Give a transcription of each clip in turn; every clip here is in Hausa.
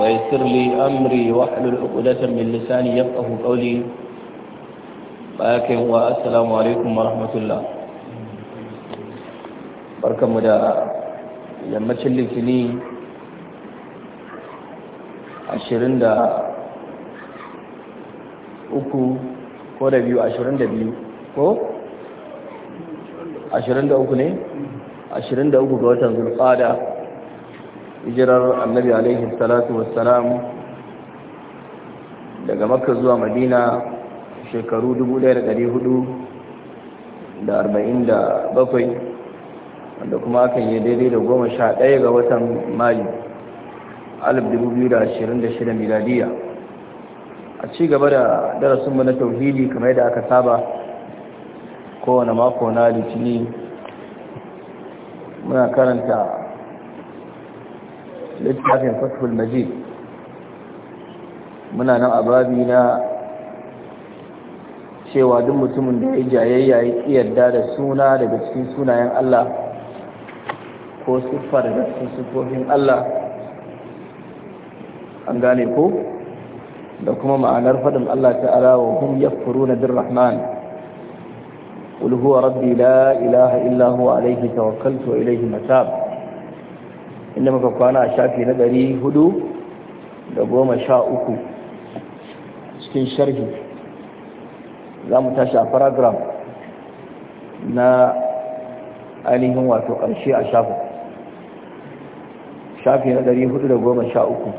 ويسر لي أمري واحلل عقدة من لساني يفقه قولي باكم والسلام عليكم ورحمة الله بركم دا لما تشلك لي ashirin da uku ko da biyu ashirin da biyu ko ashirin da uku ne ashirin da uku ga watan zulfada hijirar annabi alaihi salatu wassalam daga makka zuwa madina shekaru 1447 wanda kuma akan yi daidai da goma sha ɗaya ga watan mayu 2026 miladiya a ci gaba da darasinmu na tauhidi kamar yadda aka saba kowane mako na litini muna karanta littafin fathul majid muna nan a babi na cewa duk mutumin da ya jayayya ya yarda da suna daga cikin sunayen Allah ko siffa daga cikin siffofin Allah an gane ko da kuma ma'anar faɗin Allah ta'ala wa hum yakfuruna birrahman قل هو ربي لا إله إلا alaihi عليه توكلت وإليه متاب inda muka kwana a shafi na ɗari hudu da goma sha uku cikin sharhi za mu tashi a paragraf na ainihin wato ƙarshe a shafi shafi na ɗari hudu da goma sha uku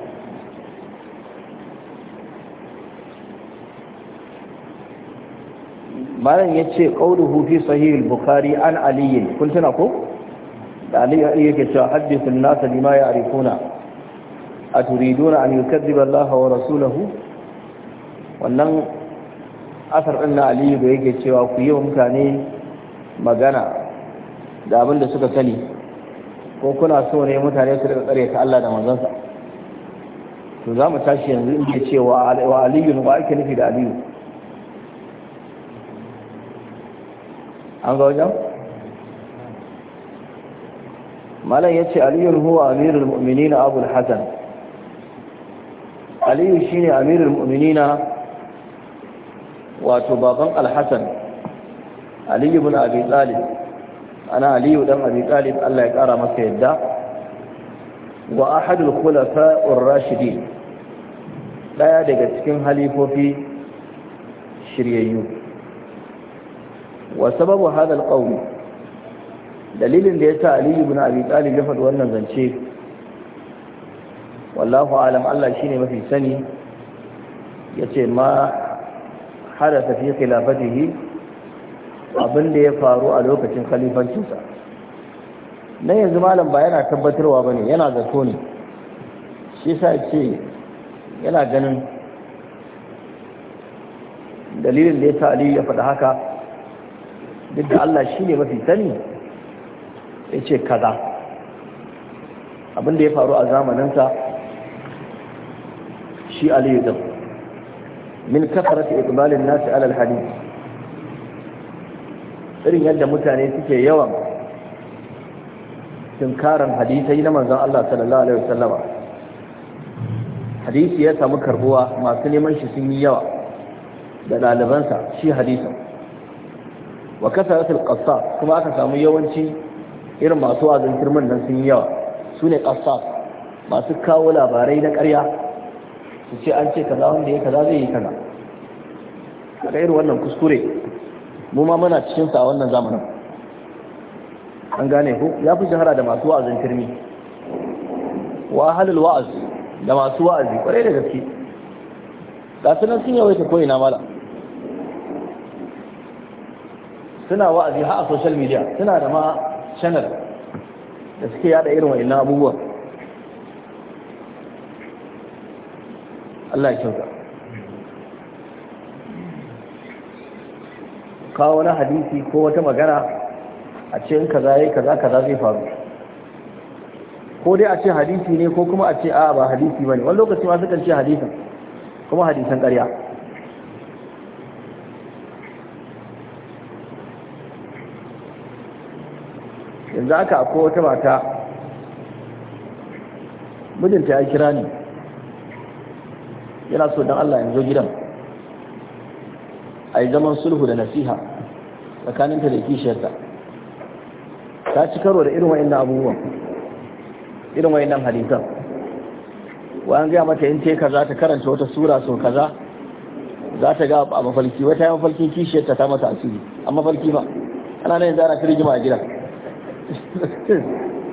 malam ya ce ƙauduhu fi sahihul bukari an aliyin kun tuna ko? da ali yake cewa hadithu an-nas bima ya'rifuna aturiduna an yukadhiba wa rasulahu wannan asar ɗin na Aliyu da yake cewa ku yi wa mutane magana da abin da suka sani ko kuna so ne mutane su rika tsare ta Allah da manzansa to za mu tashi yanzu in ce cewa wa aliyu ba ake nufi da aliyu an ga wajen? malam ya ce aliyun huwa amirul mu'minina abul hasan aliyu shine amirul mu'minina wato baban al aliyu bin abi talib ana aliyu dan abi talib Allah ya kara masa yadda wa ahadul khulafa'ur rashidin daya daga cikin halifofi shiryayyu wa sababu hadal qawli dalilin da ya sa aliyu bin abi talib ya faɗi wannan zance wallahu alam Allah shine mafi sani yace ma hadasa fi khilafatihi abin da ya faru a lokacin khalifancinsa na yanzu malam ba yana tabbatarwa bane yana zato ne shi sa ce yana ganin dalilin da ya sa aliyu ya faɗi haka duk da Allah shine mafi sani ya ce kaza abinda ya faru a zamaninsa shi aliyu din min kafarata iqbalin nasi alal hadith irin yadda mutane suke yawan tunkaran hadisai na manzon Allah sallallahu alaihi wasallama hadisi ya samu karbuwa masu neman shi sun yi yawa da ɗalibansa shi hadisin wa kasarar filƙasa kuma aka samu yawanci irin masu wazin firman nan sun yi yawa su ne ƙasa masu kawo labarai na ƙarya su ce an ce kaza wanda ya kaza zai yi kaza A irin wannan kuskure mu ma muna cikin sa wannan zamanin an gane ko ya fi shahara da masu wa'azin firmi wa wa'az da masu wa'azi kwarai da gaske ga su nan sun ta ko ina mala suna wa'azi ha a social media suna da ma channel da suke yada irin wa'in abubuwa Allah ya kyauta kawo wani hadisi ko wata magana a ce kaza yi kaza kaza zai faru ko dai a ce hadisi ne ko kuma a ce a ba hadisi ba ne wani lokaci ma sukan ce hadisan kuma hadisan ƙarya yanzu aka akwai wata mata mijinta ya kira ni yana so don Allah yanzu gidan a yi zaman sulhu da nasiha tsakaninta da kishiyarta ta ci karo da irin wa'in abubuwan irin wa'in nan halittar wa'an gaya mata yin teka za ta karanta wata sura so kaza za ta ga a mafalki wata ya mafalkin kishiyarta ta mata asiri a mafalki ba ana nan yanzu ana firgima a gidan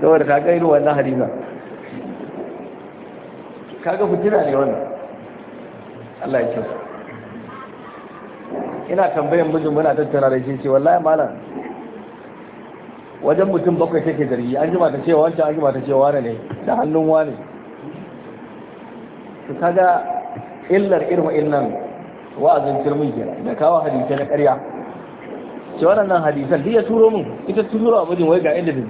saboda kaga irin wannan hadiza kaga fitina ne wannan Allah ya kyau ina tambayin mijin muna tattara da shi ce wallahi malam wajen mutum bakwai take zargi an ji ta cewa wancan an ji ta cewa wane ne da hannun wane su kaga illar irin nan wa'azin turmin kenan da kawo hadisai na karya. ce waɗannan hadisan duk ya turo min ita turo a mijin wai ga inda bin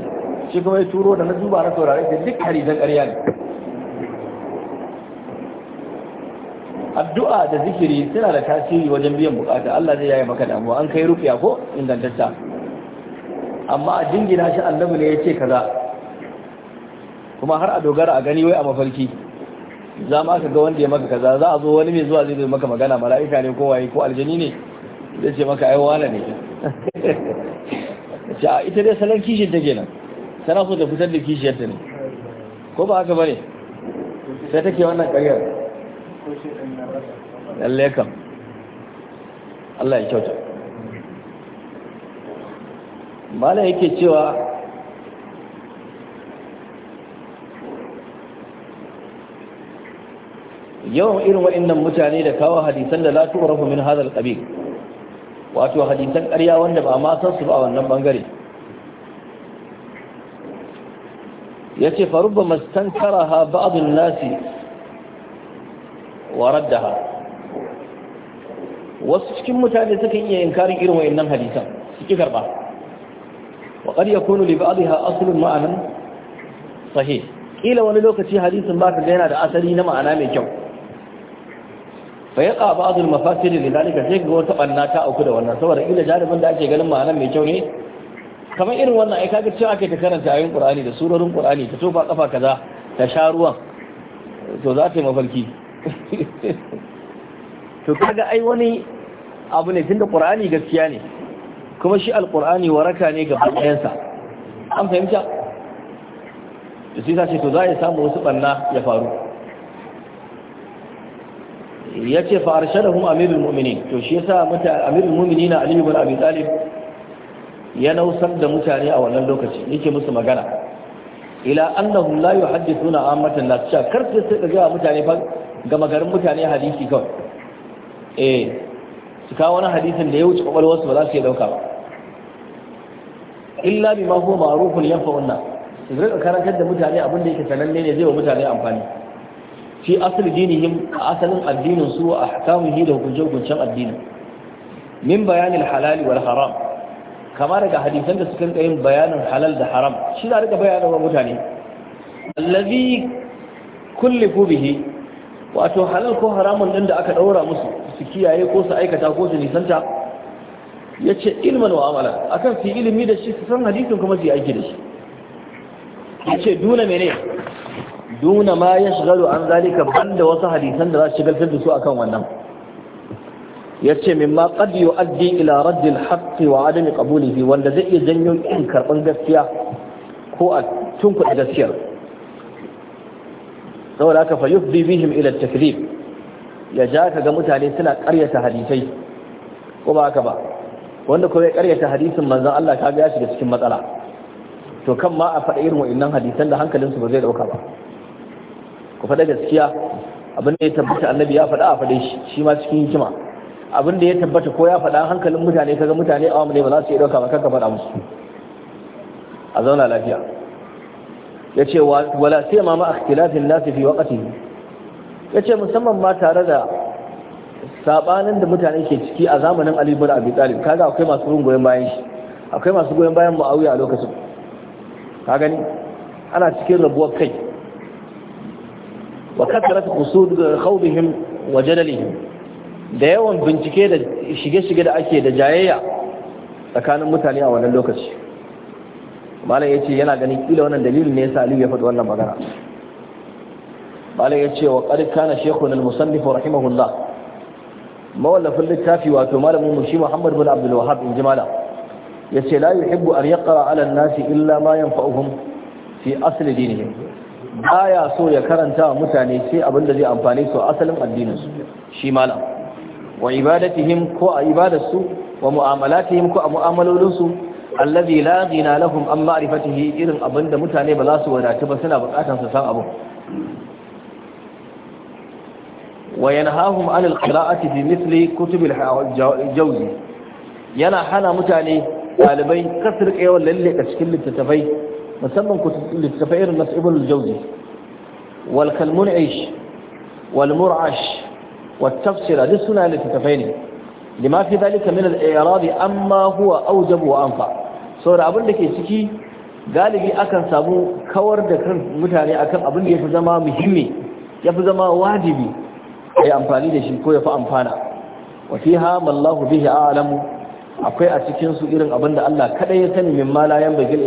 shi kuma ya turo da na duba na saurare da duk hadisan ƙarya ne addu'a da zikiri suna da tasiri wajen biyan bukata Allah zai yaye maka damuwa an kai rufiya ko ingantacca amma a jingina shi annabi ne yace kaza kuma har a dogara a gani wai a mafarki za ma ka ga wanda ya maka kaza za a zo wani mai zuwa zai zo maka magana mala'ika ne ko waye ko aljani ne zai ce maka ai wala ne ja ita dai salon kishin ta nan tana so ta fitar da kishiyar ta ne ko ba haka bane sai take wannan kariyar lalle kam Allah ya kyauta mala yake cewa yawan irin waɗannan mutane da kawo hadisan da za tu'rafu min hadal al wato hadisan ƙarya wanda ba ma san su ba wannan bangare Ya ce fa rubbama ha ba'd an-nas wa raddaha wasu cikin mutane suka iya inkarin irin wayannan hadisan suke karba wa qad yakunu li ha aslun ma'anan sahi. Ƙila wani lokaci hadisin ba ka ga yana da asali na ma'ana mai kyau fayaqa ba'd al-mafasid lidalika sai ga wata banna ta auku da wannan saboda ila jarumin da ake ganin ma'anar mai kyau ne kamar irin wannan ai kaga cewa ake ta karanta ayoyin Qur'ani da surorin Qur'ani ta tofa kafa kaza ta sha ruwan to za ta yi mafarki to kaga ai wani abu ne tunda Qur'ani gaskiya ne kuma shi al-Qur'ani waraka ne ga bayansa an fahimta to sai ce to za ya samu wasu banna ya faru ya ce fa arshadahum amirul mu'minin to shi yasa mata amirul mu'minin Ali ibn Abi Talib ya nausar da mutane a wannan lokaci yake musu magana ila annahum la yuhaddithuna suna la tasha kar su ta ga mutane fa ga magarin mutane hadisi kawai eh su kawo wani hadisin da ya wuce kwakwalwar su ba za su iya dauka ba illa bima huwa ma'rufun yanfa'un nas su rika karantar da mutane abin da yake sananne ne zai wa mutane amfani fi asali dinihim a asalin addinin su a hakamun da hukunce-hukuncen addinin min bayanin halali wal haram kama daga hadisan da suka yin bayanin halal da haram shi na daga bayanin wa mutane allazi kullifu bihi wato halal ko haramun din da aka daura musu su kiyaye ko su aikata ko su nisanta ce ilman wa amala akan fi ilimi da shi su san hadisin kuma su yi aiki da shi yace duna mene duna ma ya shigaru an zalika banda wasu hadisan da za su shigaltar da su akan wannan ya ce mimma qad yu'addi ila radd al wa adami qabulihi wanda zai iya janyo kin karban gaskiya ko a tunkuɗe gaskiyar saboda haka fa yufdi bihim ila at-takdhib ya ja ka ga mutane suna ƙaryata hadisai ko ba haka ba wanda kuma ya ƙaryata hadisin manzon Allah kaga ya shiga cikin matsala to kan ma a faɗa irin wa'annan hadisan da hankalinsu ba zai ɗauka ba ku faɗa gaskiya abin da ya tabbata annabi ya faɗa a faɗe shi shi ma cikin hikima abin da ya tabbata ko ya faɗa hankalin mutane kaga mutane awam ne ba za su iya ɗauka ba kanka faɗa musu a zauna lafiya ya ce wala sai ma ma ikhtilafin nasi fi waqti ya ce musamman ma tare da sabanin da mutane ke ciki a zamanin Ali ibn Abi Talib kaga akwai masu goyon bayan shi akwai masu goyon bayan Muawiya a lokacin ka gani ana cikin rabuwar kai wa kasrat qusud khawdihim wa jadalihim da yawan bincike da shige-shige da ake da jayayya tsakanin mutane a wannan lokaci malam yace yana ganin kila wannan dalilin ne yasa ya faɗi wannan magana malam yace wa qad kana shaykhun al-musannif rahimahullah mawallafin littafi wato malamin mu shi Muhammad bin Abdul Wahhab in jimala yace la yuhibbu an yaqra ala an-nasi illa ma yanfa'uhum fi asli dinihim baya so ya karanta wa mutane sai abin da zai amfani su asalin addinin shi malam wa ibadatihim ko a ibadarsu wa mu'amalatihim ko a mu'amalolinsu allazi la ghina lahum an ma'rifatihi irin abin da mutane ba za su wadatu ba suna bukatar su san abin wa yanhahum an alqira'ati bi mithli kutub aljawzi yana hana mutane ɗalibai kasar yawan lalle cikin littattafai musamman littattafai irin nasu ibn jauzi wal kalmun aish wal mur'ash wal tafsira duk suna littattafai ne lima fi dalika min al-i'radi amma huwa awjab wa anfa saboda abin da ke ciki galibi akan samu kawar da kan mutane akan abin da yafi zama muhimmi yafi zama wajibi ai amfani da shi ko yafi amfana wa fiha mallahu bihi a'lamu akwai a cikin su irin abin da Allah kadai ya sani min mala yan bagil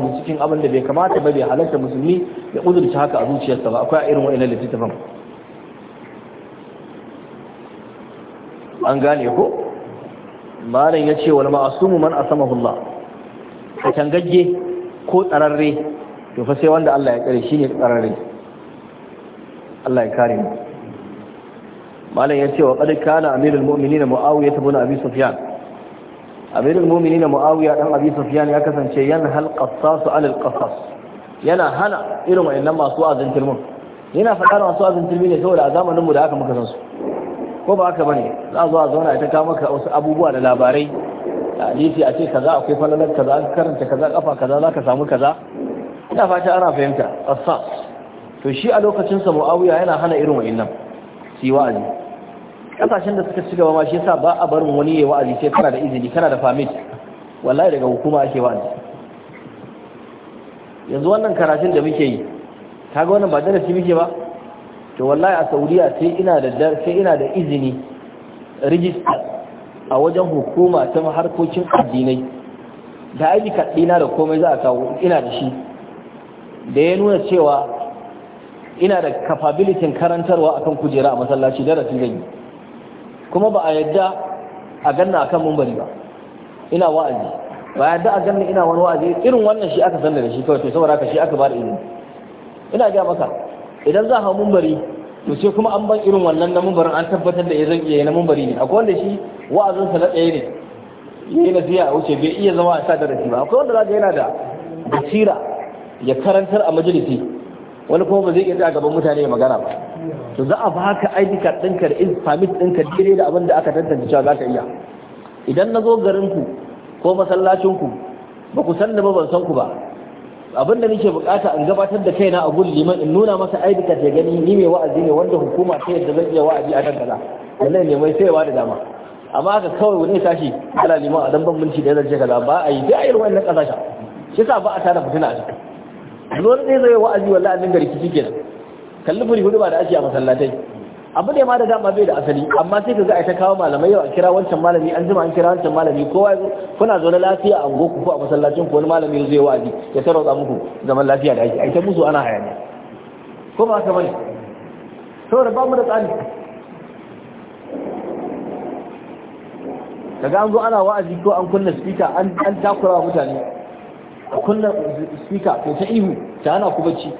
mu cikin abin da bai kamata ba bai halarta musulmi ya kudurci haka a zuciyarsa ba akwai a irin wa'annan littattafan an gane ko malam ce wal ma'sumu man sama Allah a tangagge ko tsararre to fa sai wanda Allah ya kare ne tsararre Allah ya kare mu malam ce wa qad kana amirul mu'minin muawiya ibn abi sufyan amirul mu'minin muawiya ɗan abi sufyan ya kasance yana halqa su alal qasas yana hana irin wayannan masu azin tilmin yana faɗa masu azin tilmin ne saboda a zamanin da aka muka san su ko ba aka bane za a zo a zauna ita kawo maka wasu abubuwa da labarai hadisi a ce kaza akwai falalar kaza an karanta kaza kafa kaza za ka samu kaza ina fata ana fahimta qasas to shi a lokacinsa sa yana hana irin wayannan siwa wa'azi kasashen da suka ci gaba ma shi yasa ba a barin wani yayi wa'azi sai kana da izini kana da permit wallahi daga hukuma ake wa'azi yanzu wannan karatun da muke yi kaga wannan ba darasi muke ba to wallahi a Saudiya sai ina da sai ina da izini register a wajen hukuma ta harkokin addinai da aiki kaɗina da komai za a kawo ina da shi da ya nuna cewa ina da capability karantarwa akan kujera a masallaci darasin zan yi kuma ba a yadda a ganna akan mumbari ba ina wa'azi ba yadda a ganna ina wani wa'azi irin wannan shi aka sanda da shi kawai to saboda haka shi aka ba da ilimi ina ga maka idan za a hau mumbari to sai kuma an ban irin wannan na mumbarin an tabbatar da irin yi na mumbari ne akwai wanda shi wa'azin sa na tsaye ne yayi na siya a wuce bai iya zama a sa da rashi ba akwai wanda zaka yana da basira ya karantar a majalisi wani kuma ba zai iya a gaban mutane ya magana ba to za a ba ka ID card ɗinka da permit ɗinka dire da abin da aka tantance cewa za ka iya idan na zo garin ku ko masallacin ku ba ku san da ba ban san ku ba abin da nake bukata in gabatar da kaina a gun liman in nuna masa ID card ya gani ni mai wa'azi ne wanda hukuma ta yadda zan iya wa'azi a kan kaza wallahi ne mai sayawa da dama amma haka kawai wani tashi ala liman a dan ban minti da ya zance kaza ba a yi da ayar na kasashen shi sa ba a tara fitina a cikin wani zai zai wa'azi wallahi an dinga rikici kenan kalli furi hudu ba da ake a masallatai abu ne ma da dama bai da asali amma sai ka za a ta kawo malamai yau a kira wancan malami an jima an kira wancan malami kowa kuna zaune lafiya a goku ko a masallacin ko wani malami zai wa'azi ya tarwatsa muku zaman lafiya da ake a musu ana hayaniya ko ba ka bane saboda ba mu da tsani daga an zo ana wa'azi ko an kunna speaker an an takura mutane a kunna speaker ko ta ihu ta hana ku bacci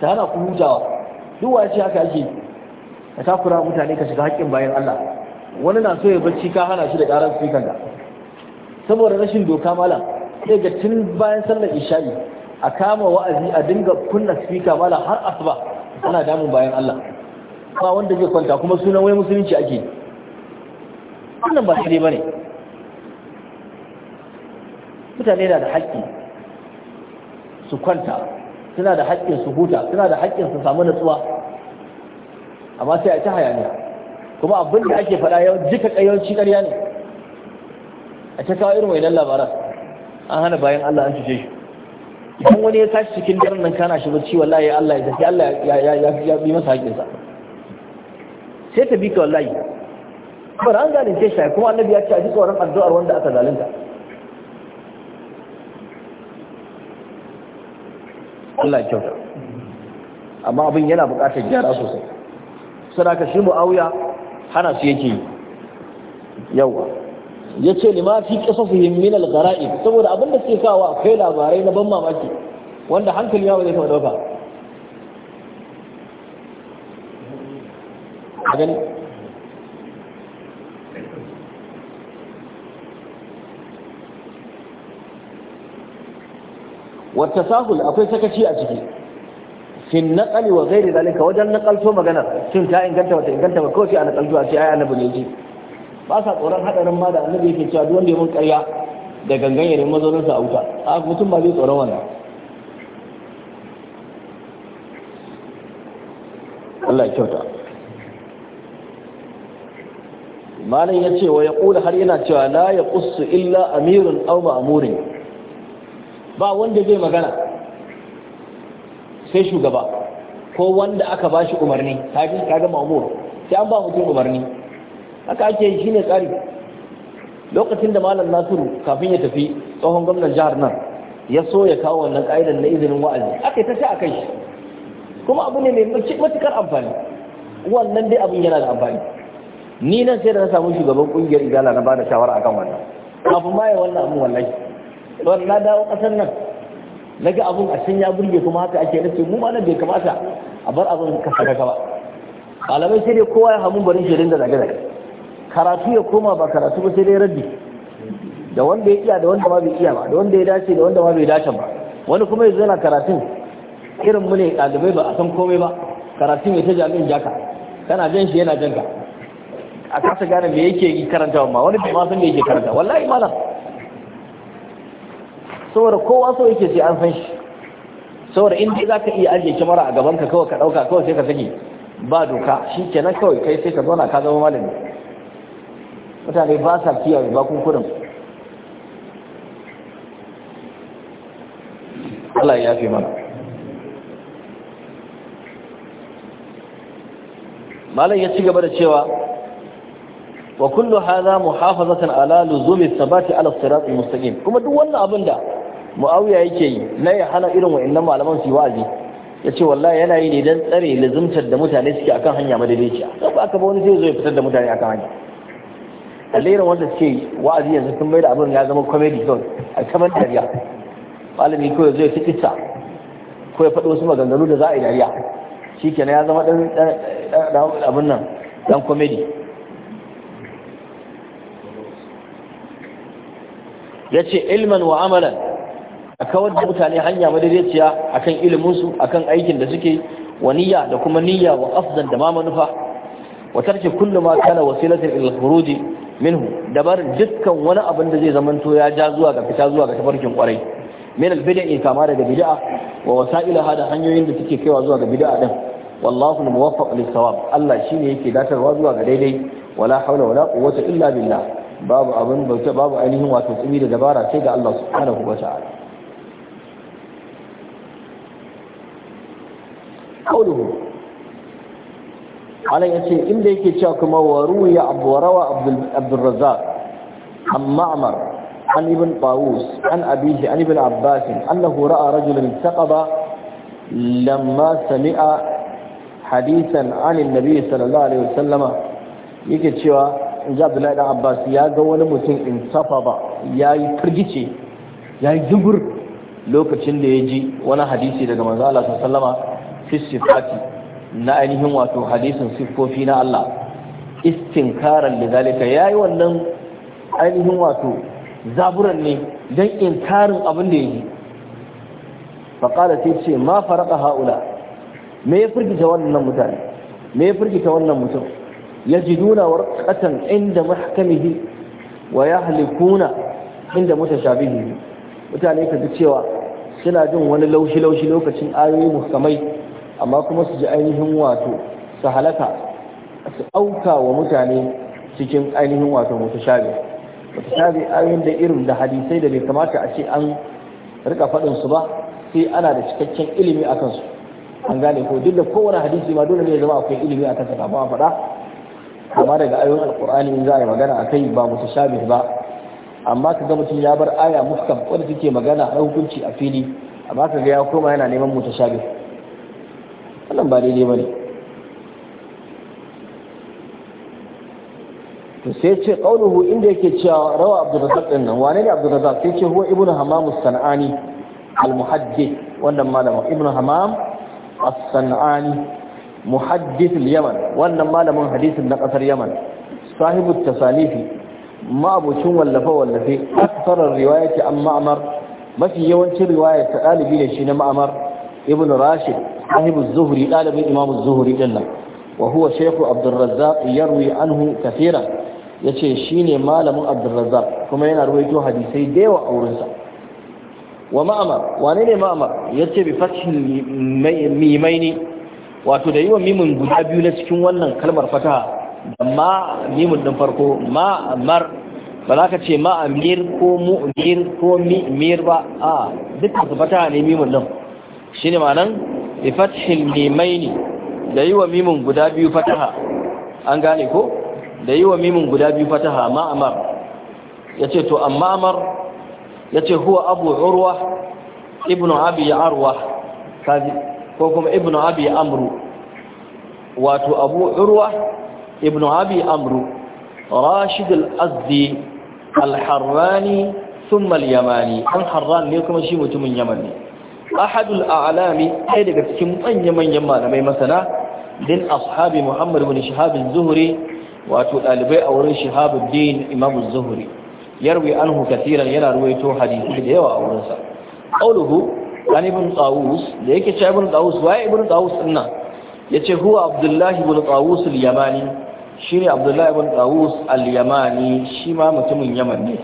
ta hana ku hutawa duk wa ce haka ake a takura mutane ka shiga haƙƙin bayan Allah wani na so ya bacci ka hana shi da ƙarar speaker ka saboda rashin doka malam sai ga tun bayan sallar isha'i a kama wa'azi a dinga kunna fika malam har asuba ana damun bayan Allah ba wanda zai kwanta kuma sunan wai musulunci ake wannan ba shi ne bane mutane na da haƙƙi su kwanta suna da haƙƙin su huta suna da haƙƙin su samu nutsuwa. amma sai a ta hayaniya kuma abin da ake faɗa yau duka ƙayyanci ƙarya ne a ta kawo irin wainan labaran an hana bayan Allah an cuce shi idan wani ya tashi cikin daren nan kana shi bacci wallahi Allah ya tafi Allah ya bi masa haƙƙinsa sai ta bi ka wallahi ba an zalunce shi kuma annabi ya ce a ji tsoron addu'ar wanda aka zalunta Allah kyauta amma abin yana bukatar gyara sosai suna ka shi mu'awiya hana su yake yi yawa ya ce lima fi su min al saboda abin da suke kawo akwai labarai na ban mamaki wanda hankali ya zai taɓa dauka wata sahul akwai sakaci a ciki fin naƙali wa gairi zalika wajen naƙalto maganar shin ta inganta wata inganta ba kawai a naƙalto a ce ai annabi ne ji ba sa tsoron haɗarin ma da annabi yake cewa duk wanda ƙarya da gangan ya nemi mazauninsa a wuta a mutum ba zai tsoron wannan Allah ya kyauta malam ya ce wa ya ƙula har yana cewa la ya ƙusu illa amirun au ma'amurin ba wanda zai magana sai shugaba ko wanda aka ba shi umarni ka kaga ma'mur sai an ba mutum umarni haka ake yi shine tsari lokacin da malam nasiru kafin ya tafi tsohon gwamnan jihar nan ya so ya kawo wannan ƙa'idar na izinin wa'azi aka yi ta a kai kuma abu ne mai matukar amfani wannan dai abin yana da amfani ni nan sai da na samu shugaban ƙungiyar igala na ba da shawara akan wannan kafin ma ya wannan abin wallahi don na dawo kasar nan na ga abin a can ya burge kuma haka ake nace mu ma nan bai kamata a bar abin kasa kasa ba malamai sai dai kowa ya hamu barin shirin da zage karatu ya koma ba karatu ba sai dai raddi da wanda ya iya da wanda ma bai iya ba da wanda ya dace da wanda ma bai dace ba wani kuma ya zana karatun irin mu ne ɗalibai ba a san komai ba karatun mai ta jami'in jaka kana jan shi yana jan ka a kasa gane me yake yi karanta ma wani bai san me yake karanta wallahi malam saboda kowa so yake sai an san shi saboda in dai zaka iya ajiye kyamara a gaban ka kawai ka dauka kawai sai ka saki ba doka shikenan kawai kai sai ka zauna ka zama malami mutane ba sa kiyaye ba kudin Allah ya fi mana malam ya ci gaba da cewa wa kullu hadha muhafazatan ala luzumi thabati ala sirat mustaqim kuma duk wannan abin da muawiya yake yi na ya hana irin wa'annan malaman su wa'azi ya ce wallahi yana yi ne don tsare lazumtar da mutane suke akan hanya madaidaiciya don ba aka ba wani zai zo ya fitar da mutane akan hanya alherin wanda suke wa'azi yanzu sun mai da abin ya zama comedy zone a kamar dariya malami ko ya zo ya fitita ko ya faɗo wasu maganganu da za a yi dariya shi kenan ya zama ɗan abin nan ɗan comedy ya ce ilman wa amalan a kawar da mutane hanya madaidaiciya akan iliminsu akan aikin da suke wa niyya da kuma niyya wa afzan da ma manufa wa tarki kullu ma kana wasilatan ila khuruji minhu da dukkan wani abin da zai zamanto ya ja zuwa ga fita zuwa ga tafarkin kwarai min al bid'a kama daga bid'a wa wasa'ila hada hanyoyin da suke kaiwa zuwa ga bid'a din wallahu muwaffaq lis sawab Allah shine yake datarwa zuwa ga daidai wala haula wala quwwata illa billah babu abin bauta babu ainihin wato tsimi da dabara sai ga Allah subhanahu wa ta'ala qawluhu ya ce inda yake cewa kuma wa ruwiya abu rawa abdul razzaq an ma'mar an ibn tawus an abihi an ibn abbas annahu ra'a rajulan taqaba lamma sami'a hadisan an annabi sallallahu alaihi yake cewa inji abdullahi dan abbas ya ga wani mutum in safaba yayi firgice yi zugur lokacin da ya ji wani hadisi daga manzo Allah sallallahu alaihi wasallama fi na ainihin wato hadisin siffofi na Allah istinkaran da zalika yayi wannan ainihin wato zaburan ne dan inkarin abin da yake faqala sai ce ma faraka haula me ya firgita wannan mutane me ya firgita wannan mutum yajiduna warqatan inda mahkamihi wa halikuna inda mutashabihi mutane ka ji cewa suna jin wani laushi-laushi lokacin ayoyi muhkamai amma kuma su ji ainihin wato su halaka su auka wa mutane cikin ainihin wato mutashabi mutashabi ayoyin da irin da hadisai da bai kamata a ce an rika faɗin su ba sai ana da cikakken ilimi a kansu an gane ko duk da kowane hadisi ma dole ne ya zama akwai ilimi a kansa kafin a faɗa amma daga ayoyin alkur'ani in za a yi magana a kai ba mutashabi ba amma ka ga mutum ya bar aya muskam wadda suke magana a hukunci a fili amma ka ga ya koma yana neman mutashabi wannan ba daidai ba ne to sai ce ƙaunuhu inda yake cewa rawa abdurrazzaq ɗin nan wane ne abdurrazzaq sai ce huwa ibnu hamam sanani al wannan malamin ibnu hamam as-sanani muhaddith al-yaman wannan malamin hadisin na kasar yaman sahibu tasanifi ma'abucin wallafe wallafe akthar riwayati an ma'mar mafi yawancin riwaya ta dalibi ne shi na ma'mar ibn rashid sahibu zuhri ɗalibin imamu zuhri din nan wa huwa shaykhu abdurrazzaq yarwi anhu kathira yace shine malamin abdurrazzaq kuma yana ruwaito hadisai da aurinsa a wurinsa wa ma'amar wane ne ma'amar yace bi fathil mimaini wato da yiwa mimin guda biyu na cikin wannan kalmar fataha da ma mimin din farko ma mar ba za ka ce ma ko mu'mir ko mi'mir ba a dukkan su fataha ne mimun din shine ma'anan bi fathil mimaini da yi wa mimin guda biyu fataha an gane ko da yi wa mimin guda biyu fataha ma amar yace to amma amar yace huwa abu urwa ibnu abi arwa ko kuma ibnu abi amru wato abu urwa ibnu abi amru rashid al-azdi al-harrani sun al-yamani an harran ne kuma shi mutumin yamani. ne ahadul a'lami ai daga cikin manya-manyan malamai masana din ashabi muhammad bin shahabin Zuhri wato ɗalibai a wurin shahabin din imamu Zuhri, yarwi anhu kasiran yana ruwaito hadisi da yawa a wurinsa qauluhu an ibn tawus da yake cewa ibn tawus waye ibn tawus Ya yace huwa abdullahi ibn tawus al-yamani shine abdullahi ibn tawus al-yamani shi ma mutumin yaman ne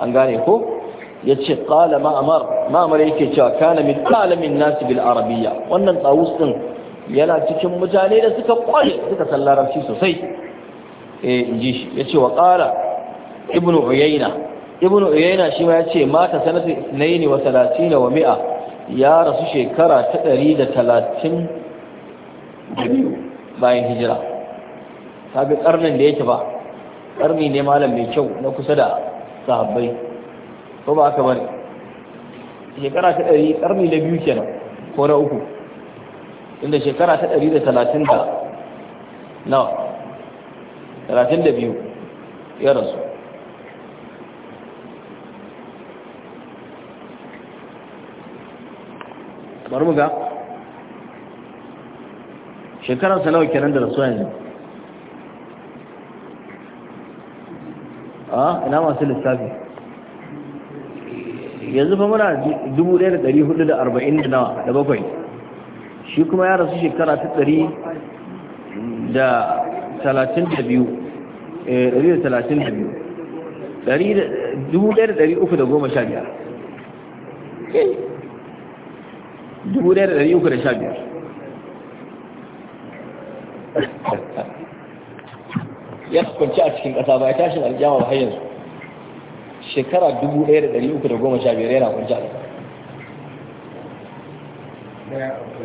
an gane ko ya ce ƙala ma'amar ma'amar yake cewa kana ƙalamin nasu bil arabiya wannan tsawus ɗin yana cikin mutane da suka ƙware suka san larabci sosai eh, ya ce wa ƙala ibn uyaina ibn uyaina shi ma ya ce mata sanatu naini wa talatina wa mi'a ya rasu shekara ta ɗari da talatin da biyu bayan hijira ta bi ƙarnin da yake ba ƙarni ne malam mai kyau na kusa da sahabbai ko ba aka bari shekara ta ɗari ƙarni na biyu kenan ko na uku inda shekara ta ɗari da talatin da na talatin da biyu ya rasu bari mu ga shekararsa nawa kenan da rasuwa yanzu a ah, ina masu lissafi yanzu fa muna da bakwai shi kuma ya rasu shekara ta 132 1315 1315 ya kwanci a cikin kasa ba ya tashi aljawa har yanzu shekara dubu ɗaya da ɗari uku da goma sha biyar yana kwanci a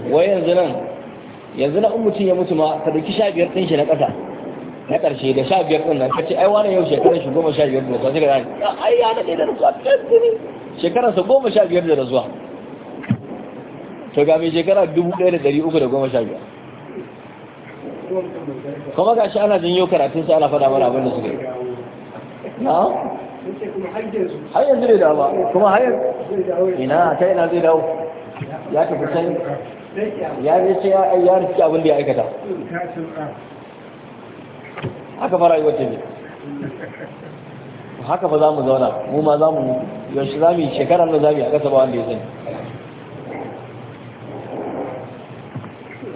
wai yanzu nan yanzu na mutum ya mutu ma ka ɗauki sha biyar ɗin shi na ƙasa na ƙarshe da sha biyar ɗin nan ka ce ai wani yau shekarar shi goma sha biyar da zuwa sai ka ah, ai ya daɗe da rasuwa shekarar sa goma sha biyar da rasuwa to ga mai shekara dubu ɗaya da ɗari uku da goma sha biyar kuma ga shi ana jin yau karatun sa ana faɗa mana abin da suka yi na'am har zai dawa kuma har ina ta ina zai dawo ya tafi can ya zai ce ya riski abin da ya aikata haka fara yi wacce ne haka ba za mu zauna mu ma za mu yaushe za mu yi shekarar da za mu yi a ƙasa ba wanda ya sani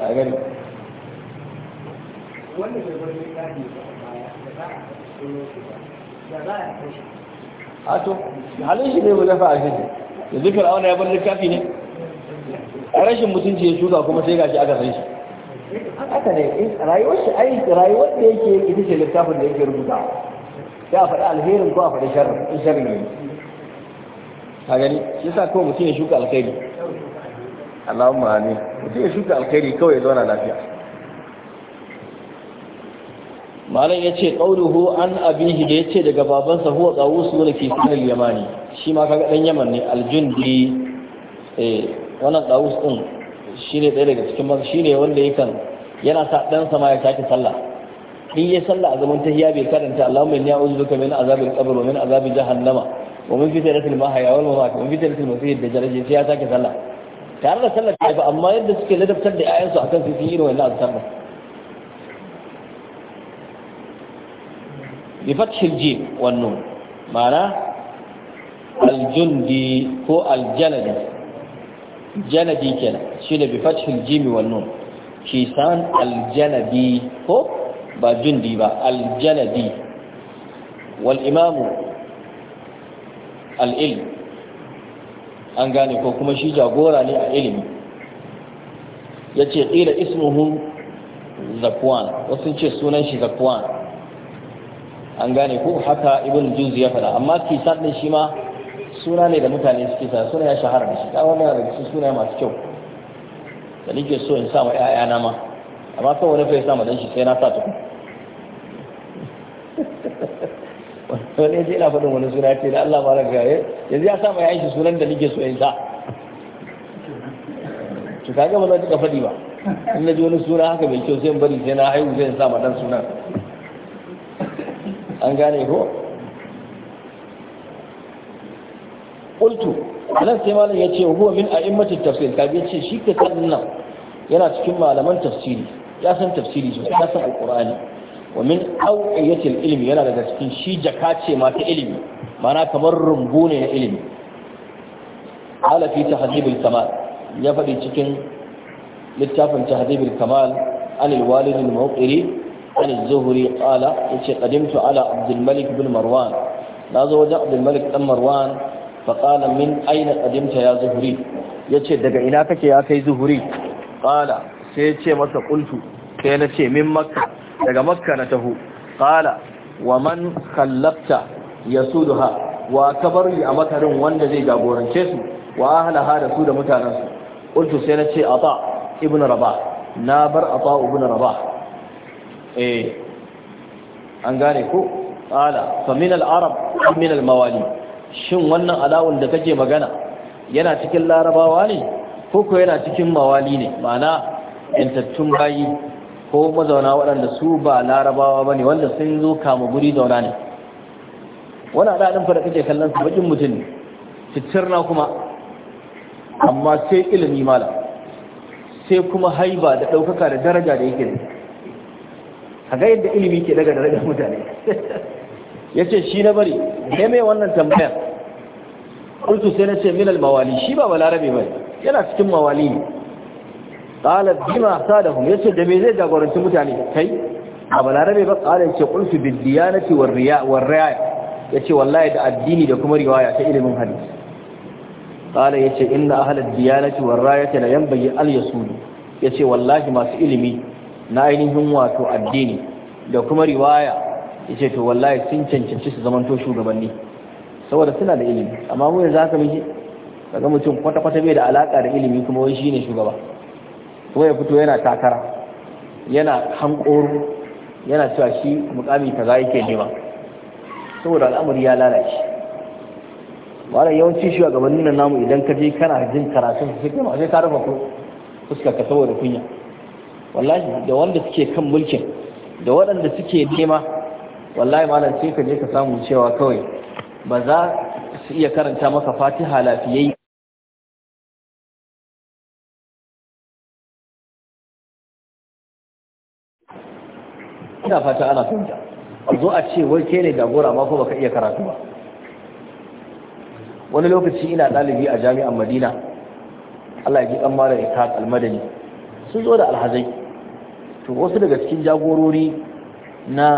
a gani wanda da wani ya za a a a to shi ne mu dafa a shi da zikar auna ya bar littafi ne a rashin mutunci ya shuka kuma sai gashi aka san shi haka ne eh, rayuwar shi ai rayuwar da yake ita ce littafin da yake rubuta Ya faɗi alherin ko a faɗi sharri in sharri ne ka gani shi sa kawai mutum ya shuka alkhairi Allahumma amin mutum ya shuka alkhairi kawai ya zauna lafiya malam ya ce ƙauluhu an abihi da ya ce daga babansa huwa ƙawusu wani fifinar yamani shi ma kaga ɗan yaman ne aljundi eh, wannan ƙawus ɗin shi ne ɗaya daga cikin masu shi ne wanda ya kan yana sa ɗansa ma ya sake sallah in ya sallah a zaman tahiya bai karanta allahumma inni a'udhu bika min azabin qabr wa min azabil jahannama wa min fitnatil mahya wal mamat wa min fitnatil masih dajjal sai ya sake sallah tare da sallar ta fa amma yadda suke ladabtar da ayyansu akan su yi irin wannan azkar bi fathil jim ma'ana aljundi ko aljanadi janadi kenan shine bi fathil jim wan nun kisan aljanadi ko ba jundi ba aljanadi wal imamu an gane ko kuma shi jagora ne a ilimi yace qila ismuhun zakwan wasu ce sunan shi an gane ko haka ibn juzi ya faɗa amma kisan din shi ma suna ne da mutane suke sa suna ya shahara da shi da wannan da su suna masu kyau da nake so in sa ma na ma amma kawai wani fa sa ma dan shi sai na sa tukun wani ya ce ina faɗin wani suna ce da Allah mara gaye yanzu ya sa ma yayin shi sunan da nake so in sa to kaga ba za ka faɗi ba in na ji wani suna haka mai kyau sai in bari sai na haihu sai in sa ma dan sunan an gane ko qultu nan sai malam ce, huwa min a'immati tafsir kabi yace shi ka sannan yana cikin malaman tafsiri ya san tafsiri sosai ya san Alƙur'ani. wa min awqiyatil ilmi yana daga cikin shi jaka ce ma ta ilimi mana kamar rumbu ne na ilimi ala fi tahdhibul kamal ya faɗi cikin littafin tahdhibul kamal anil walidil mawqiri عن الزهري قال يتي قدمت على عبد الملك بن مروان نازو وجه عبد الملك بن مروان فقال من أين قدمت يا زهري يتي دقا إناكك يا كي زهري قال سيتي مسا قلت سينتي من مكة دقا مكة نتهو قال ومن خلقت يسودها وكبر لأمتر واندزي جابورا كيسو وأهلها رسول متانا قلت سينتي أطاع ابن رباح نابر أطاع ابن رباح eh an gane ko ala fa min al-arab min al-mawali shin wannan alawun da kake magana yana cikin larabawa ne ko ko yana cikin mawali ne ma'ana intattun bayi ko mazauna waɗanda su ba larabawa ba ne wanda sun zo kama guri zauna ne wani daɗin fa da kake kallon su bakin mutum ne fitirna kuma amma sai ilimi mala sai kuma haiba da ɗaukaka da daraja da yake ne a ga yadda ilimi ke daga daga mutane ya ce shi na bari ne mai wannan tambayar ƙultu sai na ce minal mawali shi ba balarabe ba yana cikin mawali ne ƙala bima sa da hum ya ce da me zai jagoranci mutane kai a balarabe ba ƙala ya ce ƙultu na war warraya ya ce wallahi da addini da kuma riwaya ta ilimin hadisi ƙala ya ce inna ahalar diyanati war riya ta na yan bayi al yasulu ya ce wallahi masu ilimi na ainihin wato addini da kuma riwaya yace to wallahi sun cancanci su zamanto shugabanni saboda suna da ilimi amma mu yanzu haka miji kaga mutum kwata kwata bai da alaka da ilimi kuma wai shine shugaba Kuma ya fito yana takara yana hankoro yana cewa shi mukami kaza yake nema saboda al'amari ya lalace wala yawanci gabanin nan namu idan ka je kana jin karatun su. sai ka rufe fuskar ka saboda kunya wallahi da wanda suke kan mulkin da waɗanda suke nema wallahi malam sai ka je ka samu cewa kawai ba za su iya karanta maka fatiha lafiyai ina fata ana fahimta a zo a ce wai kai ne jagora ma ko baka iya karatu ba wani lokaci ina ɗalibi a jami'an madina allah ya ji ɗan mara ya almadani sun zo da alhazai to wasu daga cikin jagorori na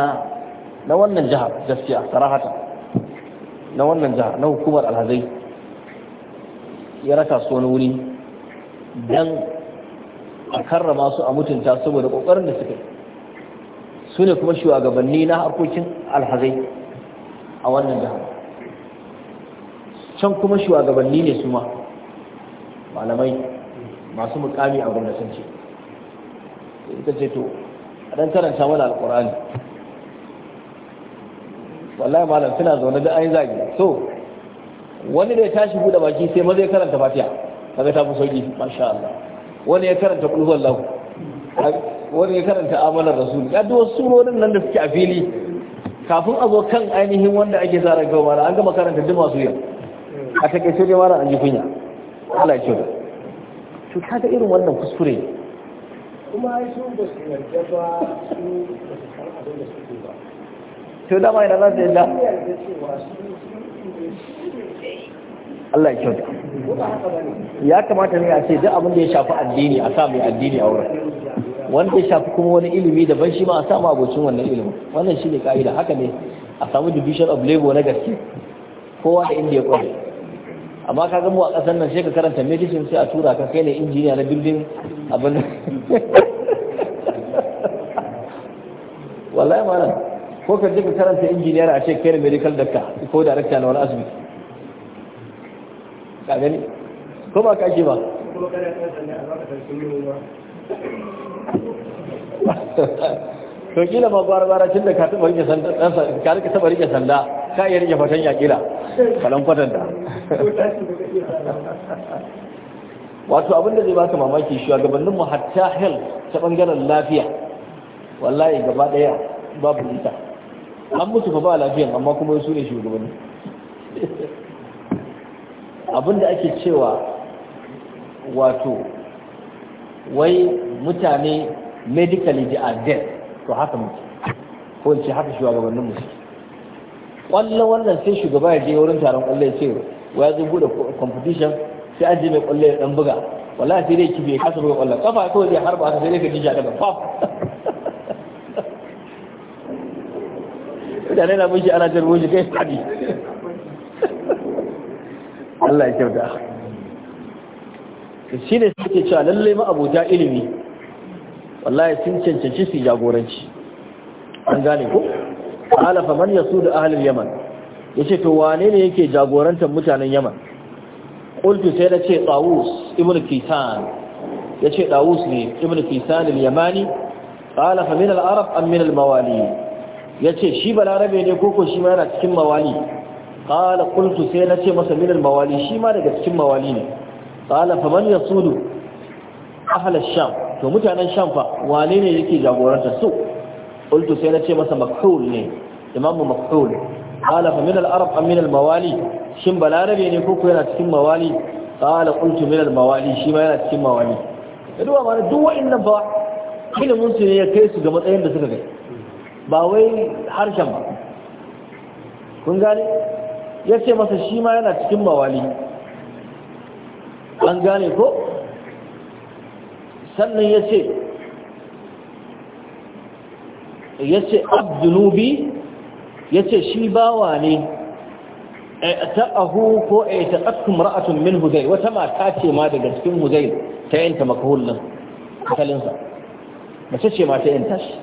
na wannan jihar gaskiya sarahata na wannan jihar na hukumar alhazai ya raka su wani wuri don a karrama su a mutunta saboda kokarin da suka yi su ne kuma shugabanni na harkokin alhazai a wannan jihar can kuma shugabanni ne su ma malamai masu mukami a gwamnatance ita ce to a dan karanta mana alkur'ani wallahi malam suna zaune da ayin zagi so wani da ya tashi bude baki sai mazai karanta fatiha kaga ta fi sauƙi. masha Allah wani ya karanta kulhuwan lahu wani ya karanta amalar rasul ya duwa surorin nan da suke a fili kafin a zo kan ainihin wanda ake zara ran mara an gama karanta duk masu yau a taƙaice ne mara an ji kunya Allah ya ce to kaga irin wannan kuskure kuma su ba su yarda ba su ba su san abin da suke ba to da mai da za su yarda Allah ya kyauta ya kamata ne a ce duk abin da ya shafi addini a sa mai addini a wurin wanda ya shafi kuma wani ilimi da ban shi ma a samu abocin wannan ilimin wannan shi ne ka'ida haka ne a samu division of labor na gaske kowa da inda ya kware amma ka gamu a ƙasar nan sai ka karanta medicine sai a tura ka kai ne injiniya na building abin wallahi ma nan ko ka je ka karanta injiniyar a ce kai medical doctor ko director na wani asibiti ka gani ko ba ka ake ba ko kila ma gwara-gwara tun da ka taba rike sanda ka rike taba rike sanda ka iya rike fatan ya kila kalan fatan da wato abinda zai baka mamaki shugabannin mu hatta health ta bangaren lafiya wallahi gaba daya babu ita an mutu fa ba lafiyan amma kuma su ne shugabanni abinda ake cewa wato wai mutane medically they are dead to haka mutu ko in ce haka shugabannin mutu kwallon wannan sai shugaba ya je wurin taron kwallo ya ce wa ya zo bude competition sai an je mai kwallo ya dan buga wallahi sai dai kibe kasa buga kwallon kafa kawai zai harba haka sai dai ka ji daga pop mutane na mishi ana jarbo shi kai sadi. Allah ya kyauta shi ne suke cewa lallai ma abota ilimi wallahi sun cancanci su jagoranci an gane ku? alafa man yasu da ahalin yaman ya ce to wane ne yake jagorantar mutanen yaman ƙultu sai da ce ɗawus ibn kisan ya ce ɗawus ne ibn kisan yamani alafa min al-arab an min al-mawali ya ce shi balarabe ne koko shi ma yana cikin mawali ƙala kultu sai na ce masa minar mawali shi ma daga cikin mawali ne ƙala faman ya sudu ahalar sham to mutanen sham fa wane ne yake jagoranta su kultu sai na ce masa makhul ne imamu makhul ƙala famin al'arab an minar mawali shin balarabe ne koko yana cikin mawali ƙala kultu minar mawali shi ma yana cikin mawali da duwa ma duk wa'in nan ba? ilimin su ne ya kai su ga matsayin da suka kai ba wai harshen ba kun gane ya ce masa shi ma yana cikin mawali an gane ko sannan ya ce ya ce abdunubi ya ce shi bawa ne ta'ahu ko a yi ta'akkun ra'atun min huzai wata mata ce ma daga cikin huzai ta yanta makahullin kalinsa mace ce ma ta yanta shi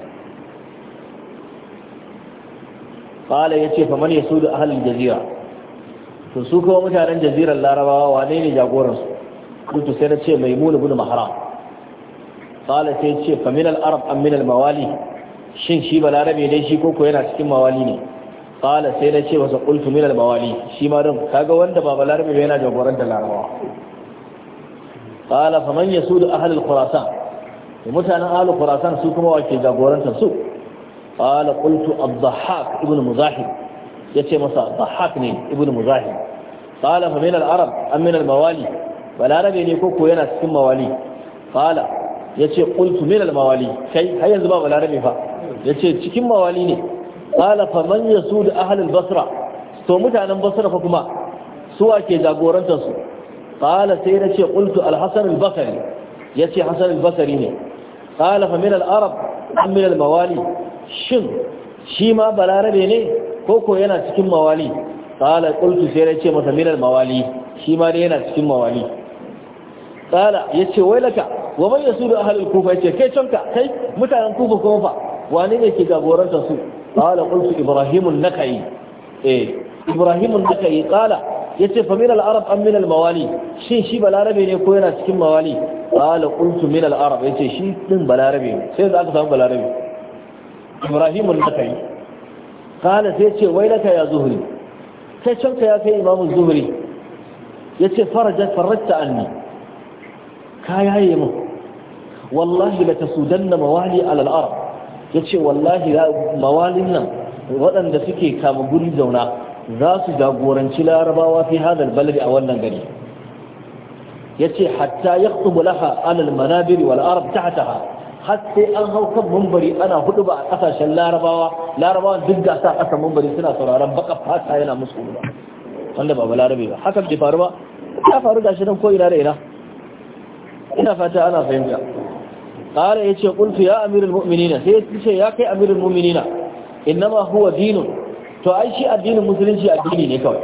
qala yace faman da ahalin jazira to su kawo mutanen jaziran larabawa wane ne jagoransu su kuntu sai na ce mai muni gudu mahara ƙala sai ce famin al-arab an min al-mawali shin shi ba larabe ne shi koko yana cikin mawali ne ƙala sai na ce masa qultu min al-mawali shi ma don kaga wanda ba larabe ba yana jagoran da larabawa qala faman yasudu ahalin kurasan mutanen ahalin kurasan su kuma wake jagorantar su qala qultu ad-dhahhak ibn muzahib yace masa dhahhak ne ibn muzahib qala fa min al-arab am min mawali balarabe ne yana cikin mawali qala yace qultu min al-mawali kai har yanzu ba balarabe fa cikin mawali ne qala fa man yasud ahli al-basra to mutanen basra fa kuma suwa ke jagorantar su qala sai nace qultu al-hasan al-basri yace hasan al ne qala fa min arab mawali shin shi ma balarabe ne ko ko yana cikin mawali qala qultu sai ya ce masa minal mawali shi ma dai yana cikin mawali qala wai wailaka wa man yasudu ahlul kufa ce kai canka kai mutanen kufa kuma fa wani ne ke jagorantar su qala qultu ibrahimun nakai eh ibrahimun nakai qala ce fa minar arab am minar mawali shin shi balarabe ne ko yana cikin mawali qala qultu minal arab ce shi din balarabe sai za ka samu balarabe ibrahim al-nakai kana sai ce wailaka ya zuhri kai canka ya kai imamu zuhri yace faraja farajta anni ka yaye mu wallahi la tasudanna mawali ala al yace wallahi mawalin nan waɗanda suke kama guri zauna za su jagoranci larabawa fi hadal balad a wannan gari yace hatta yaqtubu laha alal al wal arab hataha har sai an hau kan mambari ana hudu ba a kasashen larabawa larabawa duk da sa kasan mambari suna sauraron baka fata yana musu ba wanda ba ba larabe ba hakan bai faru ba ya faru gashi nan ko ina da ina ina fata ana fahimta ya ce قال ya amirul يا sai المؤمنين سيتي يا كي أمير المؤمنين إنما huwa دين to ai shi addinin musulunci addini ne kawai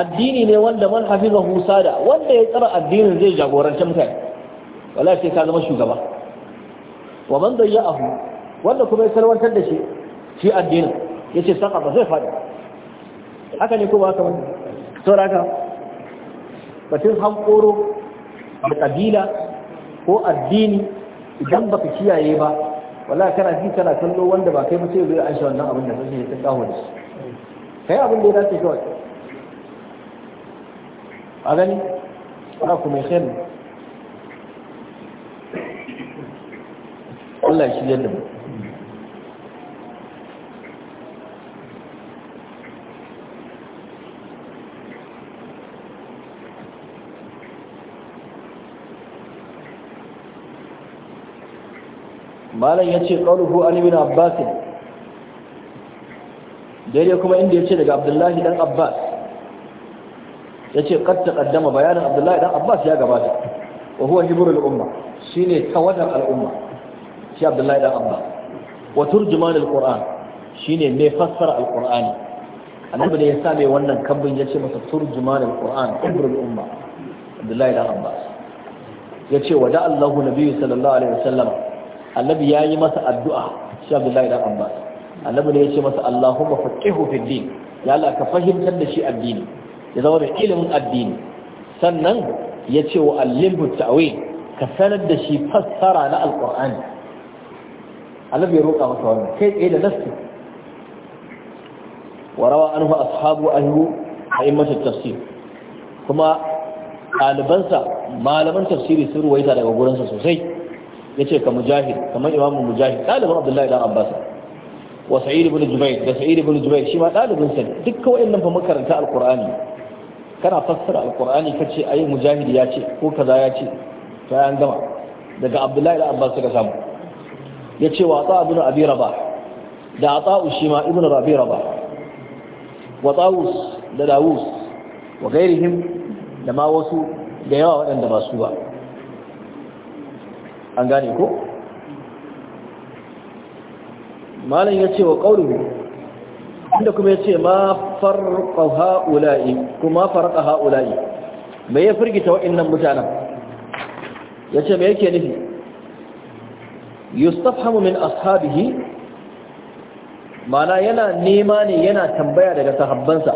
addini ne wanda man hafizahu sada wanda ya tsara addinin zai jagoranci mutane wallahi sai ka zama shugaba wa man dayya'ahu wanda kuma ya sarwantar da shi shi addinin yace saka ba zai fadi haka ne kuma haka wani sauraka batun hankoro da kabila ko addini idan baka kiyaye ba wala kana ji kana kallo wanda ba kai mutum zai aisha wannan abin da sun ya kawo da shi kai abin da ya dace kawai a gani ana kuma khair Allah shi yadda mu malam ya ce ƙaruhu an ibn abbas daidai kuma inda ya ce daga abdullahi ɗan abbas ya ce ƙatta ƙaddama bayanin abdullahi ɗan abbas ya gabata wa huwa hibrul umma shine tawadan al'umma shi abdullahi dan abba wa turjuman alquran shine mai fassara alqurani annabi ne ya sa mai wannan kambin ya ce masa turjuman alquran ibrul umma abdullahi dan abba ya ce wa da'allahu nabiyyu sallallahu alaihi wasallam annabi ya yi masa addu'a shi abdullahi dan abba annabi ne ya ce masa allahumma faqihu fid din ya Allah ka fahimtar da shi addini ya zama da ilimin addini sannan ya ce wa allimhu ta'wil ka sanar da shi fassara na alqur'ani annabi ya roƙa masa wannan kai tsaye da nasti wa rawa anhu ashabu anhu a immatul tafsir kuma ɗalibansa malaman tafsiri sun ruwaita daga gurinsa sosai Ya ce ka mujahid kamar imamu mujahid ɗaliban abdullahi dan abbas wa sa'id ibn jubair da sa'id ibn jubair shi ma ɗalibin sa dukkan wayannan fa makaranta alqur'ani kana fassara alqur'ani kace ayi mujahid ya ce ko kaza ya ce ta an gama daga abdullahi dan abbas suka samu ya ce wa ta abin abi ba da a ta'u shi ma ibn rabira ba wa tawus da dawus wa gairihim da ma wasu da yawa waɗanda ba su ba an gane ko malam ya ce wa ƙaurin inda kuma ya ce ma farƙa ha'ula'i kuma farƙa ha'ula'i mai ya firgita waɗannan mutanen ya ce mai yake nufi yustafhamu min ashabihi mana yana nema ne yana tambaya daga sahabbansa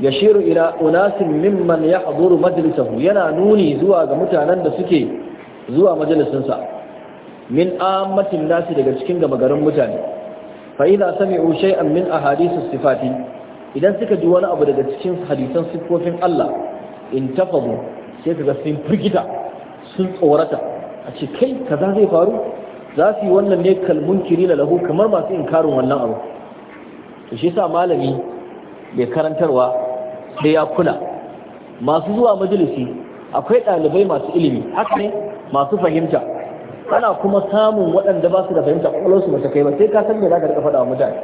yashiru ila unasin mimman yahduru majlisahu yana nuni zuwa ga mutanen da suke zuwa majalisinsa min ammatin nasi daga cikin gama garin mutane fa idza sami'u shay'an min ahadith sifati idan suka ji wani abu daga cikin hadisan sifofin Allah in sai kaga sun firgita sun tsorata a ce kai kaza zai faru za su yi wannan ne kalmun na lahu kamar masu karin wannan abu to shi sa malami mai karantarwa da ya kula masu zuwa majalisi akwai ɗalibai masu ilimi haka ne masu fahimta ana kuma samun waɗanda ba su da fahimta ƙwaƙwalwarsu ba ta kai ba sai ka san me za ka faɗa mutane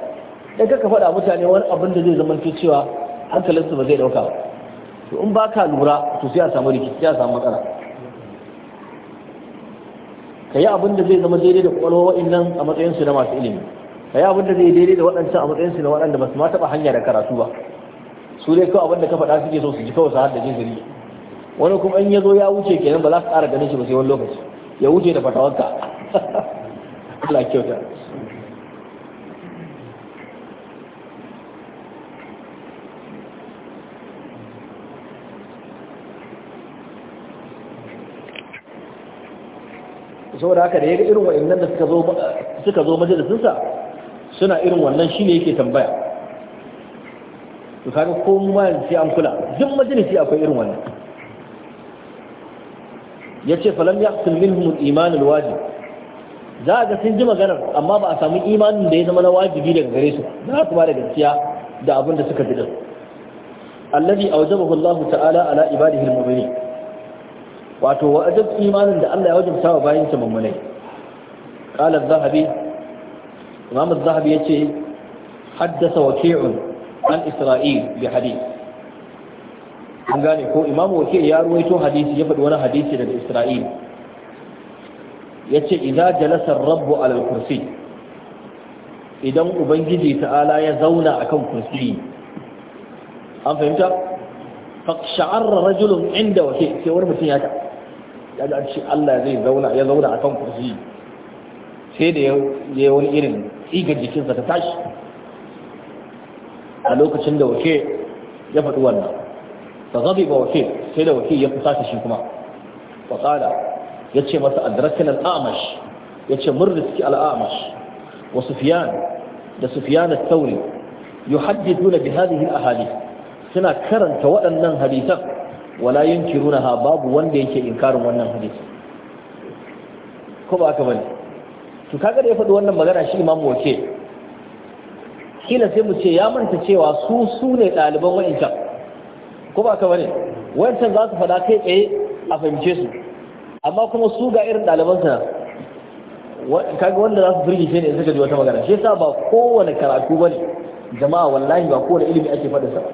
in ka faɗa mutane wani abin da zai zama cewa hankalinsu ba zai ɗauka ba to in ba ka lura to sai a samu rikici sai a samu matsala ka yi abin da zai zama daidai da kwakwalwa wa'annan a matsayin na masu ilimi ka yi abin da zai daidai da waɗancan a matsayin su na waɗanda ba su ma taɓa hanya da karatu ba su dai kawai abin da ka faɗa suke so su ji kawai su da su riƙe wani kuma in ya zo ya wuce kenan ba za su ƙara ganin shi ba sai wani lokaci ya wuce da fatawarka Allah kyauta saboda haka da ya ga irin wa'annan da suka zo suka zo majalisinsa suna irin wannan shi ne yake tambaya to kaga ko mu ma sai an kula duk majalisi akwai irin wannan Ya ce falam ya minhum al-iman al-wajib za a ga sun ji maganar amma ba a samu imanin da ya zama na wajibi daga gare su za su ba da gaskiya da abin da suka bidin allazi awjabahu Allah ta'ala ala ibadihi al-mu'minin wato wa wa'ajab imanin da Allah ya wajabta wa bayin sa mummunai qala az-zahabi imam az-zahabi yace haddasa waqi'un an isra'il bi hadith an gane ko imam waqi' ya ruwaito hadisi ya faɗi wani hadisi daga isra'il yace idza jalasa ar-rabb ala al-kursi idan ubangiji ta'ala ya zauna akan kursi an fahimta faqsha'arra rajulun inda waqi' sai wani mutum ya ta ya ji ce Allah zai zauna ya zauna akan kursi sai da ya yi wani irin tsigar jikinsa ta tashi a lokacin da wake ya faɗi wannan ta zabi ba wake sai da wake ya kusa ta shi kuma fasada ya ce masa adrakin al'amash ya ce mun riski al'amash wa sufiyan da sufiyan al-tauri yuhaddithuna bi hadhihi al-ahadith suna karanta waɗannan hadisan wala ha babu wanda yake inkarin wannan hadisi ko ba ka bane to kaga da ya faɗi wannan magana shi imamu wace kila sai mu ce ya manta cewa su su ne ɗaliban wa'incan ko ba ka bane wancan za su faɗa kai tsaye a fahimce su amma kuma su ga irin ɗalibansa kaga wanda za su firgice ne suka ji wata magana shi yasa ba kowane karatu bane jama'a wallahi ba kowane ilimi ake faɗinsa ba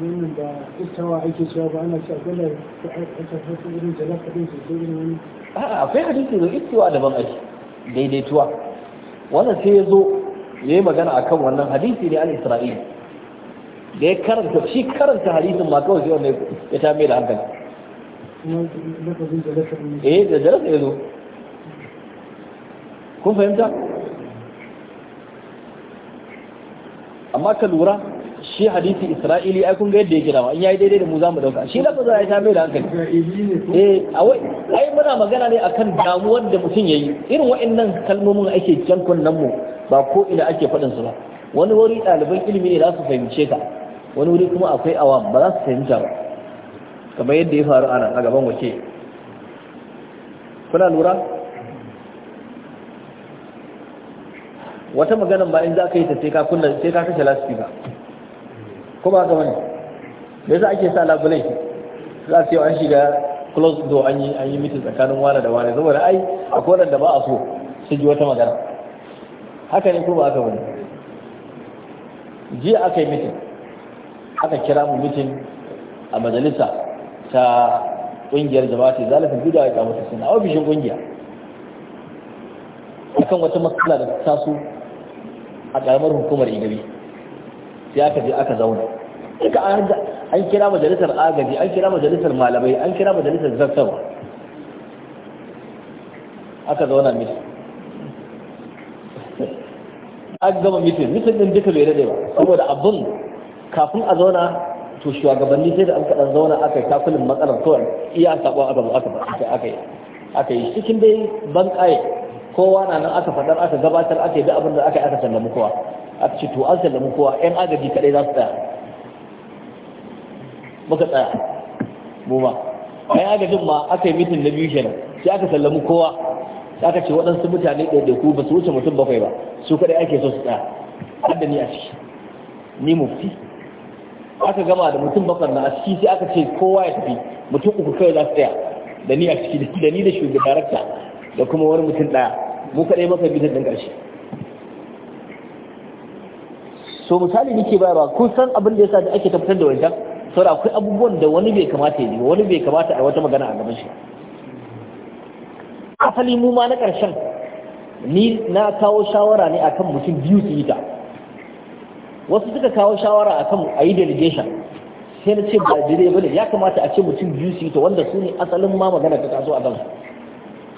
wannan da istawa ake cewa ba ana cewa dole a tafi irin jalaka din su irin wani akwai hadisi da istawa daban ake daidaituwa wannan sai ya zo ya yi magana akan wannan hadisi ne al-isra'il da ya karanta shi karanta hadisin ma kawai wanda ya ta mai da hankali eh da jalaka ya zo kun fahimta amma ka lura shi hadisi isra'ili ai kun ga yadda ya dawa in yayi daidai da mu zamu dauka shi lafazin za ta tambaye da hankali eh awai ai muna magana ne akan damuwar da mutum yayi irin wa'annan kalmomin ake jan nan mu ba ko ina ake faɗin su ba wani wuri ɗaliban ilimi ne za su fahimce ka wani wuri kuma akwai awam ba za su fahimta ba kamar yadda ya faru ana a gaban wace kuna lura wata magana ba in za ka yi ta sai ka kunna sai ka kashe lasfi ba ko ba ga wani da yasa ake sa labulai za su yi an shiga close door an yi an yi miti tsakanin wani da wani saboda ai akwai wanda ba a so su ji wata magana haka ne ko ba ga wani jiya aka yi mitin aka kira mu mitin a majalisa ta kungiyar jama'a zalafin gudawa ga wata sunna a ofishin kungiya akan wata matsala da ta taso a karamar hukumar igabi sai aka je aka zauna duka an kira majalisar agaji an kira majalisar malamai an kira majalisar zartarwa aka zauna mitin an gama mitin mitin din duka bai daɗe ba saboda abin kafin a zauna to shugabanni sai da an kaɗan zauna aka yi takulin matsalar kawai iya saɓon aka aka yi cikin dai ban ƙaye kowa na nan aka faɗar aka gabatar aka yi da abin da aka yi aka sallamu kowa aka ce to an sallamu kowa ƴan agaji kaɗai za su tsaya muka tsaya mu ma yan agajin ma aka yi mitin na biyu kenan sai aka sallamu kowa sai aka ce waɗansu mutane ɗaiɗaiku ba su wuce mutum bakwai ba su kaɗai ake so su tsaya har da ni a ciki ni mufti aka gama da mutum bakwai na a ciki sai aka ce kowa ya tafi mutum uku kawai za su tsaya da ni a ciki da ni da shugaban darakta da kuma wani mutum ɗaya mu kaɗai maka bi ɗin ƙarshe so misali nake ba kun san abin da ya sa da ake tabbatar da wancan saboda akwai abubuwan da wani bai kamata ya wani bai kamata a wata magana a gaban shi asali mu ma na ƙarshen ni na kawo shawara ne akan mutum biyu su yi ta wasu suka kawo shawara akan a yi delegation sai na ce ba daidai bane ya kamata a ce mutum biyu su yi ta wanda su ne asalin ma magana ta taso a su.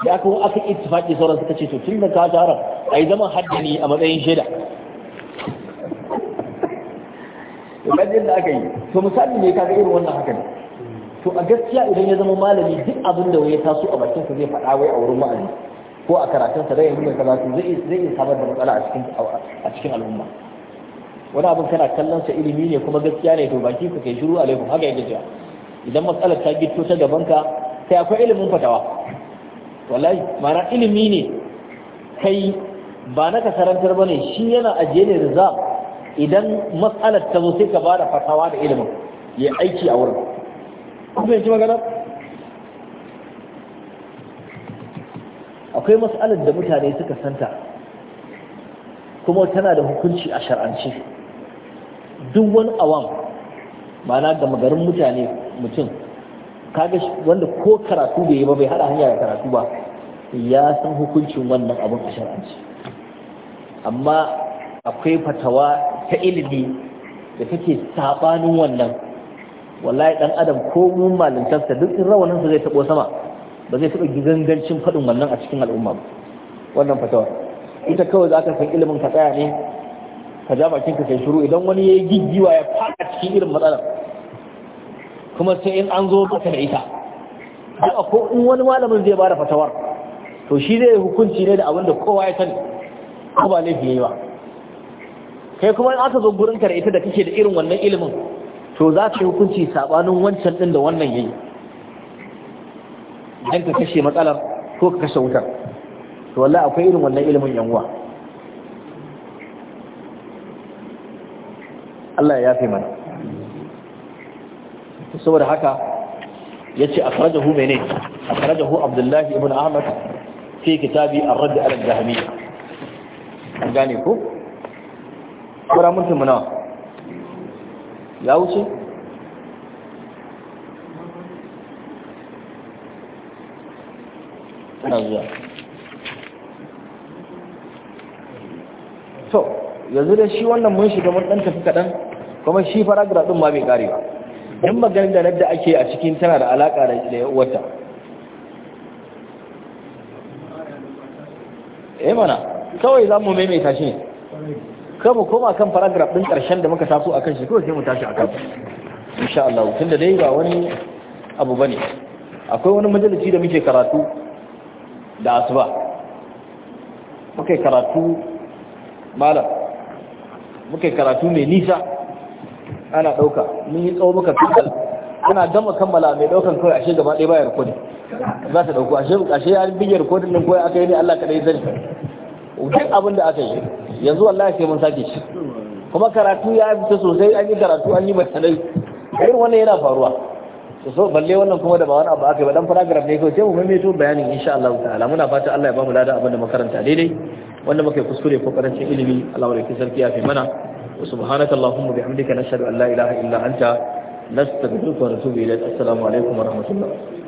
da aka aka ittifaki sauran suka ce to tun da ka tara yi zaman haddani a matsayin shaida kamar da aka yi to misali ne kaga irin wannan haka ne to a gaskiya idan ya zama malami duk abin da ya taso a bakinsa zai faɗa wai a wurin wa'azi ko a karatun karatunsa dai yanzu karatu zai zai iya samar da matsala a cikin a cikin al'umma wani abin kana kallon sa ilimi ne kuma gaskiya ne to baki ka kai shiru alaikum haka yake cewa idan matsalar ta gito ta gaban ka sai akwai ilimin fatawa wallahi mara ilimi ne kai ba na kasarantar ba ne shi yana ajiye ne da za idan matsalar ta zo sai ka bada fatawa da ilimin ya aiki a wurin kuma magana akwai matsalar da mutane suka santa kuma tana da hukunci a shar'anci duk wani awam ma'ana ga magarin mutane mutum kaga wanda ko karatu bai yi ba bai hada hanya da karatu ba ya san hukuncin wannan abun a shar'anci amma akwai fatawa ta ilimi da take sabanin wannan wallahi dan adam ko mun malintarsa duk in rawanin sa zai tabo sama ba zai taba gigangancin fadin wannan a cikin al'umma ba wannan fatawa ita kawai za ka san ilimin ka tsaya ne ka ja bakin ka kai shiru idan wani ya yi giggiwa ya faɗa cikin irin matsalar kuma sai in an zo maka da ita haka ko in wani malamin zai bada fatawar to shi zai hukunci ne da abinda kowa ya sani ko ba laifi yayi ba kai kuma in aka zo gurin ka da ita da kake da irin wannan ilimin to za ka yi hukunci sabanin wancan din da wannan yayi dan ka kashe matsalar ko ka kashe wutar to wallahi akwai irin wannan ilimin yan uwa Allah ya yafe mana saboda haka ya a akhrajahu mene hu abdullahi ibn ahmad fi kitabi a radd ala al-jahmi an gane ku? kura mutum nawa ya wuce ana zuwa to yanzu da shi wannan mun shiga mun ɗan tafi kaɗan, kuma shi faragraf din ma bai kare ba don maganin da ake a cikin tana da alaƙa da wata eh mana kawai za mu maimaita shi ne kama koma kan paragraf ɗin ƙarshen da muka taso a kan shi kawai sai mu tashi a kan insha Allah tun da dai ba wani abu bane akwai wani majalisi da muke karatu da asuba muke karatu malam muke karatu mai nisa ana ɗauka mun yi tsawo muka fi ana gama kammala mai ɗaukan kawai ashe gaba ɗaya bayar kudi za ta ɗauko ashe ashe ya biyar kodin nan kawai aka yi ne Allah kaɗai zai duk abin da aka yi yanzu wallahi sai mun sake shi kuma karatu ya fita sosai an yi karatu an yi bayanai irin wannan yana faruwa so balle wannan kuma da ba wani abu aka yi ba dan paragraph ne kawai sai mu maimaito bayanin insha Allah ta'ala muna fata Allah ya bamu lada abin da makaranta daidai wanda muke kuskure ko karancin ilimi Allah rike sarki ya fi mana وسبحانك اللهم وبحمدك نشهد أن لا إله إلا أنت نستغفرك ونتوب إليك السلام عليكم ورحمة الله